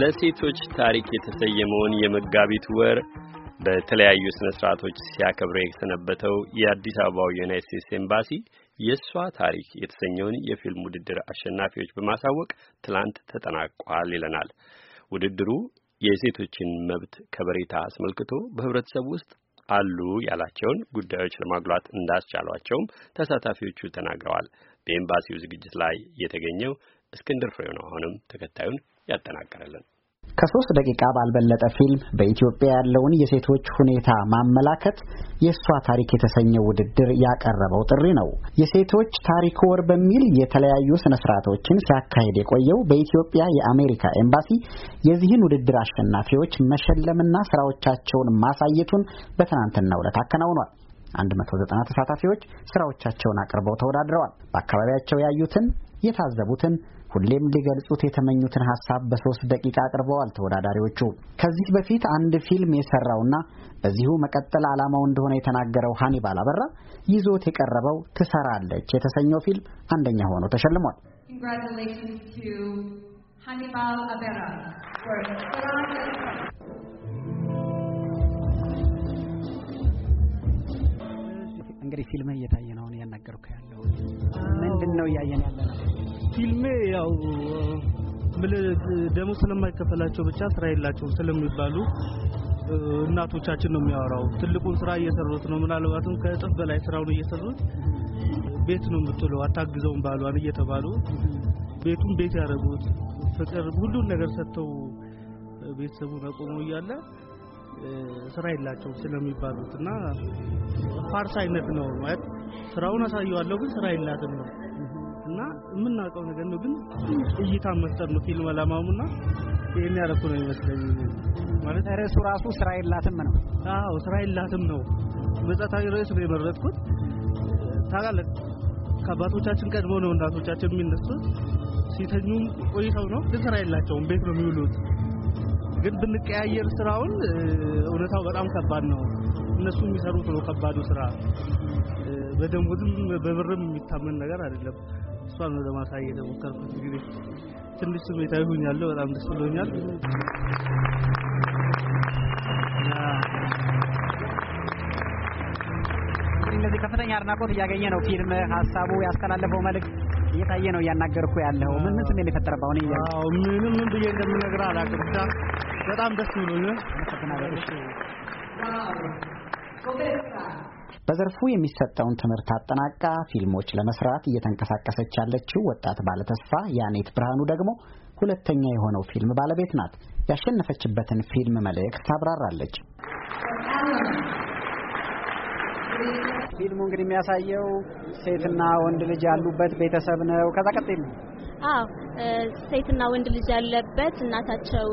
ለሴቶች ታሪክ የተሰየመውን የመጋቢት ወር በተለያዩ ስነ ስርዓቶች ሲያከብረው የተሰነበተው የአዲስ አበባው ዩናይት ስቴትስ ኤምባሲ የእሷ ታሪክ የተሰኘውን የፊልም ውድድር አሸናፊዎች በማሳወቅ ትላንት ተጠናቋል ይለናል። ውድድሩ የሴቶችን መብት ከበሬታ አስመልክቶ በህብረተሰብ ውስጥ አሉ ያላቸውን ጉዳዮች ለማጉላት እንዳስቻሏቸውም ተሳታፊዎቹ ተናግረዋል። በኤምባሲው ዝግጅት ላይ የተገኘው እስክንድር ፍሬው ነው። አሁንም ተከታዩን ያጠናቀረልን ከሶስት ደቂቃ ባልበለጠ ፊልም በኢትዮጵያ ያለውን የሴቶች ሁኔታ ማመላከት የእሷ ታሪክ የተሰኘው ውድድር ያቀረበው ጥሪ ነው። የሴቶች ታሪክ ወር በሚል የተለያዩ ስነ ስርዓቶችን ሲያካሄድ የቆየው በኢትዮጵያ የአሜሪካ ኤምባሲ የዚህን ውድድር አሸናፊዎች መሸለምና ስራዎቻቸውን ማሳየቱን በትናንትናው ዕለት አከናውኗል። 190 ተሳታፊዎች ስራዎቻቸውን አቅርበው ተወዳድረዋል። በአካባቢያቸው ያዩትን የታዘቡትን ሁሌም ሊገልጹት የተመኙትን ሀሳብ በሶስት ደቂቃ አቅርበዋል ተወዳዳሪዎቹ። ከዚህ በፊት አንድ ፊልም የሰራውና በዚሁ መቀጠል ዓላማው እንደሆነ የተናገረው ሀኒባል አበራ ይዞት የቀረበው ትሰራለች የተሰኘው ፊልም አንደኛ ሆኖ ተሸልሟል። እንግዲህ ፊልምህ እየታየ ነው። ያናገርኩህ ያለው ምንድን ነው እያየን ያለ ነው? ፊልሜ ያው ደሞ ስለማይከፈላቸው ብቻ ስራ የላቸውም ስለሚባሉ እናቶቻችን ነው የሚያወራው። ትልቁን ስራ እየሰሩት ነው። ምናልባትም ከእጥፍ በላይ ስራውን እየሰሩት ቤት ነው የምትውለው፣ አታግዘውም ባሏን እየተባሉ ቤቱን ቤት ያደረጉት ፍቅር፣ ሁሉን ነገር ሰጥተው ቤተሰቡን አቆመው እያለ ስራ የላቸውም ስለሚባሉት እና ፋርስ አይነት ነው ማለት ስራውን አሳየዋለሁ ግን ስራ የላትም ነው የምናውቀው ነገር ነው፣ ግን እይታ መስጠት ነው ፊልም አላማውና ይሄን ያረኩ ነው ይመስለኝ። ማለት ርዕሱ ራሱ ስራ የላትም ነው። አዎ ስራ የላትም ነው። መጽሐፋዊ ርዕስ ነው የመረጥኩት። ታውቃለህ ከአባቶቻችን ቀድሞ ነው እናቶቻችን የሚነሱት። ሲተኙም ቆይተው ነው፣ ግን ስራ የላቸውም። ቤት ነው የሚውሉት። ግን ብንቀያየር ስራውን እውነታው በጣም ከባድ ነው። እነሱ የሚሰሩት ነው ከባዱ ስራ። በደሞዝም በብርም የሚታመን ነገር አይደለም። እሷን ነው ለማሳየት የሞከርኩት። እንግዲህ ትንሽ ስሜታዊ ያለው በጣም ደስ ብሎኛል። እነዚህ ከፍተኛ አድናቆት እያገኘ ነው ፊልም ሀሳቡ ያስተላለፈው መልእክት እየታየ ነው። እያናገርኩ ያለው ምን ምን ስሜት የፈጠረብህ? ነው ያው ምንም ምን ብዬ እንደምነግርህ አላውቅም። ብቻ በጣም ደስ ብሎኛል። በዘርፉ የሚሰጠውን ትምህርት አጠናቃ ፊልሞች ለመስራት እየተንቀሳቀሰች ያለችው ወጣት ባለተስፋ ያኔት ብርሃኑ ደግሞ ሁለተኛ የሆነው ፊልም ባለቤት ናት። ያሸነፈችበትን ፊልም መልእክት ታብራራለች። ፊልሙ እንግዲህ የሚያሳየው ሴትና ወንድ ልጅ ያሉበት ቤተሰብ ነው። ከዛ ቀጥል አዎ ሴትና ወንድ ልጅ ያለበት እናታቸው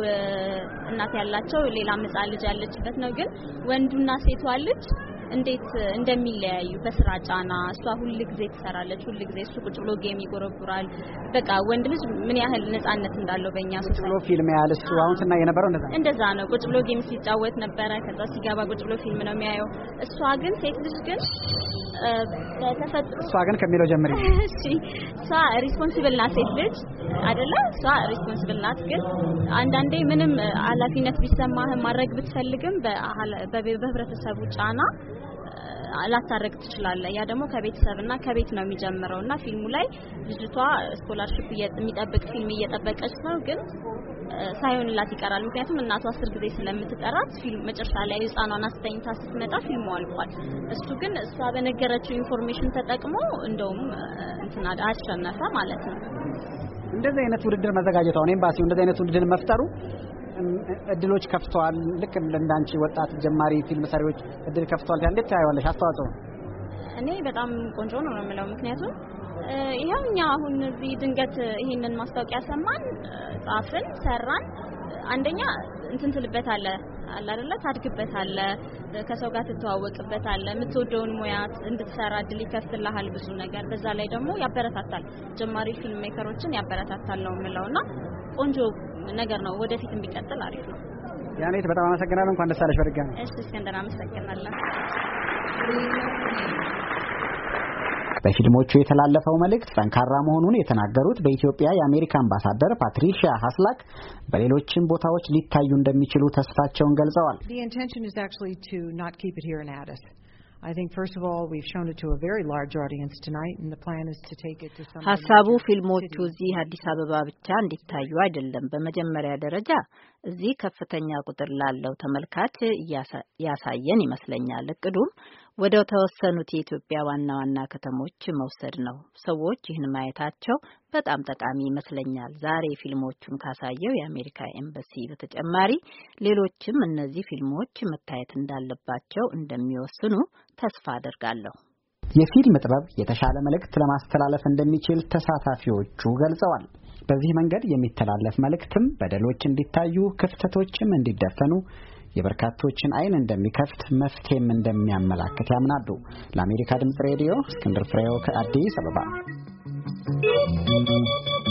እናት ያላቸው ሌላ ምጻ ልጅ ያለችበት ነው። ግን ወንዱና ሴቷ ልጅ እንዴት እንደሚለያዩ በስራ ጫና እሷ ሁል ጊዜ ትሰራለች፣ ሁል ጊዜ እሱ ቁጭ ብሎ ጌም ይጎረጉራል። በቃ ወንድ ልጅ ምን ያህል ነጻነት እንዳለው በእኛ ቁጭ ብሎ ፊልም ያህል እሱ አሁን ስናየ የነበረው እንደዛ እንደዛ ነው። ቁጭ ብሎ ጌም ሲጫወት ነበረ። ከዛ ሲገባ ቁጭ ብሎ ፊልም ነው የሚያየው። እሷ ግን ሴት ልጅ ግን በተፈጥሮ እሷ ግን ከሚለው ጀምሪ። እሺ እሷ ሪስፖንሲብል ናት ሴት ልጅ አይደለ? እሷ ሪስፖንሲብል ናት። ግን አንዳንዴ ምንም ኃላፊነት ቢሰማህ ማድረግ ብትፈልግም በህብረተሰቡ ጫና ላታረግ ትችላለህ። ያ ደግሞ ከቤተሰብና ከቤት ነው የሚጀምረው እና ፊልሙ ላይ ልጅቷ ስኮላርሽፕ የሚጠብቅ ፊልም እየጠበቀች ነው ግን ሳይሆንላት ይቀራል። ምክንያቱም እናቷ አስር ጊዜ ስለምትጠራት ፊልም መጨረሻ ላይ ህፃኗን አስተኝታ ስትመጣ ፊልሙ አልቋል። እሱ ግን እሷ በነገረችው ኢንፎርሜሽን ተጠቅሞ እንደውም እንትና አሸነፈ ማለት ነው። እንደዚህ አይነት ውድድር መዘጋጀቷ አሁን ኤምባሲው እንደዚህ አይነት ውድድር መፍጠሩ እድሎች ከፍተዋል። ልክ እንዳንቺ ወጣት ጀማሪ ፊልም ሰሪዎች እድል ከፍተዋል። እንዴት ታያዋለሽ አስተዋጽኦ? እኔ በጣም ቆንጆ ነው የምለው ምክንያቱም ይኸው እኛ አሁን እዚህ ድንገት ይሄንን ማስታወቂያ ሰማን፣ ጻፍን፣ ሰራን። አንደኛ እንትን ትልበታለህ አለ አይደለ? ታድግበታለህ፣ ከሰው ጋር ትተዋወቅበታለህ፣ የምትወደውን ሙያ እንድትሰራ እድል ይከፍትልሃል ብዙ ነገር። በዛ ላይ ደግሞ ያበረታታል፣ ጀማሪ ፊልም ሜከሮችን ያበረታታል ነው የምለውና ቆንጆ ነገር ነው። ወደፊትም ቢቀጥል አሪፍ ነው። ያኔት በጣም አመሰግናለሁ። እንኳን ደስ አለሽ በድጋሚ። እሺ እስክንድር አመሰግናለሁ። በፊልሞቹ የተላለፈው መልእክት ጠንካራ መሆኑን የተናገሩት በኢትዮጵያ የአሜሪካ አምባሳደር ፓትሪሺያ ሀስላክ በሌሎችም ቦታዎች ሊታዩ እንደሚችሉ ተስፋቸውን ገልጸዋል። ሀሳቡ ፊልሞቹ እዚህ አዲስ አበባ ብቻ እንዲታዩ አይደለም። በመጀመሪያ ደረጃ እዚህ ከፍተኛ ቁጥር ላለው ተመልካች ያሳየን ይመስለኛል። እቅዱም ወደ ተወሰኑት የኢትዮጵያ ዋና ዋና ከተሞች መውሰድ ነው። ሰዎች ይህን ማየታቸው በጣም ጠቃሚ ይመስለኛል። ዛሬ ፊልሞቹን ካሳየው የአሜሪካ ኤምባሲ በተጨማሪ ሌሎችም እነዚህ ፊልሞች መታየት እንዳለባቸው እንደሚወስኑ ተስፋ አደርጋለሁ። የፊልም ጥበብ የተሻለ መልእክት ለማስተላለፍ እንደሚችል ተሳታፊዎቹ ገልጸዋል። በዚህ መንገድ የሚተላለፍ መልእክትም በደሎች እንዲታዩ፣ ክፍተቶችም እንዲደፈኑ የበርካቶችን አይን እንደሚከፍት መፍትሄም እንደሚያመላክት ያምናሉ። ለአሜሪካ ድምፅ ሬዲዮ እስክንድር ፍሬው ከአዲስ አበባ